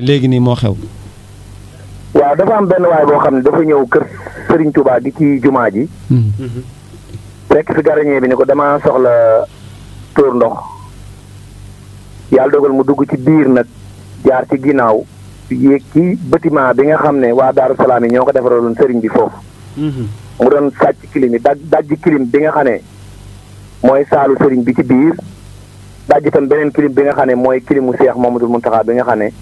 léegi nii moo xew. waaw dafa am benn waay boo xam ne dafa ñëw kër sëriñ Touba gi ci jumaa ji. Hmm. fekk fi garañee bi ne ko dama soxla tóor ndox. yàlla dogal mu dugg ci biir nag jaar ci ginnaaw yéeg ci bâtiment bi nga xam ne waa Daaru Salaam yi ñoo ko defaraloon sëriñ bi foofu. Hmm. mu doon sàcc kilim yi daj daj kilim bi nga xam ne mooy saalu sëriñ bi ci biir daj itam beneen kilim bi nga xam ne mooy kilimu Seex Mamadou Mountakha bi nga xam ne.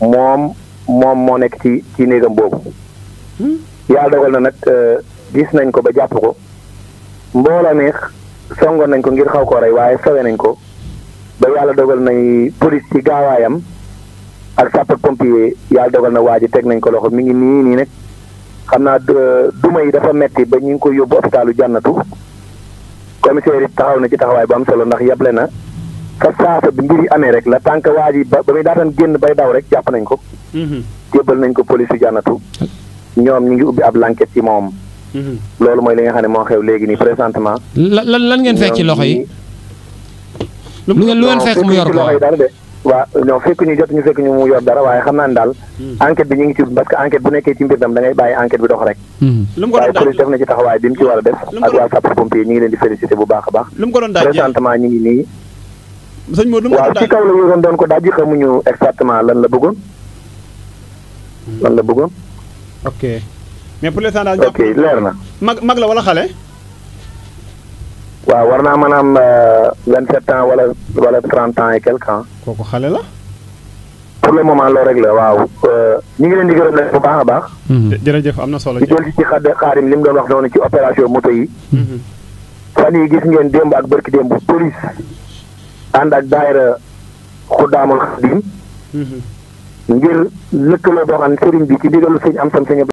moom moom moo nekk ci ci néegam boobu yàlla dogal na nag euh, gis nañ ko ba jàpp ko mbooloo mi songoon nañ ko ngir xaw ko rey waaye sawe nañ ko ba yàlla dogal nañ police ci gaawaayam ak sapeur pompier yàlla dogal na waa ji teg nañ ko loxo mi ngi nii nii nag xam naa duma yi dafa metti ba ñu ko yóbbu hôpitalu jànnatu commissaire taxaw na ci taxawaay bu am solo ndax yable na ka saasa bi mbir yi amee rek génn bay daw rek jàpp nañ ko. Mm-hmm. jébbal nañ ko police yu jànnatu ñoom ñu ngi ubbi ab lanket ci moom. Mm-hmm. loolu mooy li nga xam ne moo xew léegi nii présentement. lan lan ngeen fekk ci loxo yi. lu ngeen fekk mu yor ko waaw non fekk ñu jot ñu fekk ñu mu yor dara waaye xam naa ne daal. Mm. enquête bi ñu ngi ci parce que enquête bu nekkee ci mbir dam da bàyyi enquête bi dox rek. Mm-hmm. lu police def na ci taxawaay bi mu ci war a def. ak waa sapeur pompier ñu ngi leen di féliciter bu a baax. lu sëñ Modou waaw ci kaw la yoroon doon ko mu ñu exactement lan la bëggoon. Hmm. lan la bëggoon. ok mais pour l'instant daal ok leer na. mag mag la wala xale. waaw war naa mën am am euh, 27 ans wala wala 30 ans et quelque ans. kooku xale la. pour le moment loolu rek la waaw euh, ñu ngi leen di gërëm leen bu baax a baax. Hmm. jërëjëf am na solo. di jël ci xaar xaarim li mu doon wax noonu ci opération moto yi. Hmm. fan yi gis ngeen démb ak bërki démb police. ànd ak daayira xuddaamul xadim mhm. ngir lëkkaloo boo xam sëriñ bi ci digalu sëñ am sam sëñ